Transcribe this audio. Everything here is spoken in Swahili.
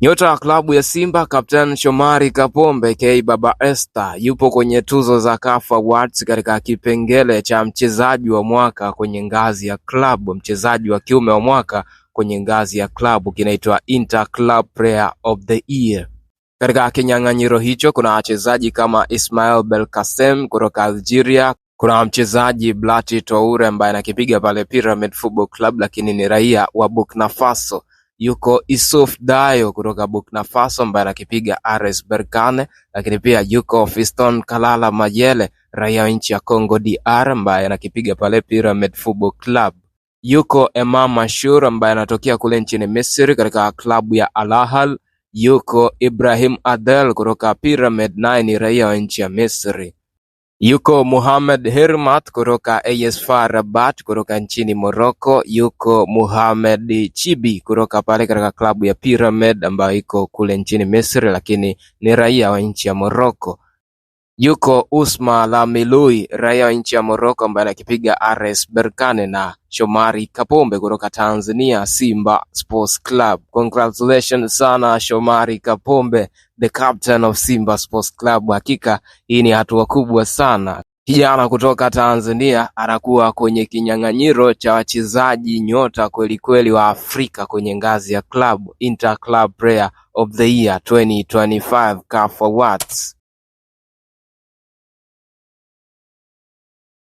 Nyota wa klabu ya Simba Kapteni Shomari Kapombe k Baba Esta yupo kwenye tuzo za CAF Awards katika kipengele cha mchezaji wa mwaka kwenye ngazi ya klabu. Mchezaji wa kiume wa mwaka kwenye ngazi ya klabu kinaitwa Inter Club Player of the Year. Katika kinyang'anyiro hicho kuna wachezaji kama Ismail belkasem kutoka Algeria, kuna mchezaji Blati Toure ambaye anakipiga pale Pyramid Football Club, lakini ni raia wa Burkina Faso yuko Issouf Dayo kutoka Burkina Faso ambaye anakipiga RS Berkane, lakini pia yuko Fiston Kalala majele raia wa nchi ya Congo DR ambaye anakipiga pale Pyramid Football Club. Yuko Emma Mashur ambaye anatokea kule nchini Misri katika klabu ya Al Ahly. Yuko Ibrahim Adel kutoka Pyramid, naye ni raia wa nchi ya Misri. Yuko Muhammad Hirmat kutoka AS FAR Rabat kutoka nchini Morocco yuko Muhammad Chibi kutoka pale katika klabu ya Pyramid ambayo iko kule nchini Misri lakini ni raia wa nchi ya Morocco yuko la Lamilui raia wa nchi ya Morocco ambaye anakipiga RS Berkane na Shomari Kapombe kutoka Tanzania Simba Sports Club. Congratulations sana Shomari Kapombe, the captain of Simba Sports Club. Hakika hii ni hatua kubwa sana. Kijana kutoka Tanzania anakuwa kwenye kinyang'anyiro cha wachezaji nyota kweli kweli wa Afrika kwenye ngazi ya club, Inter Club Player of the Year 2025 CAF Awards.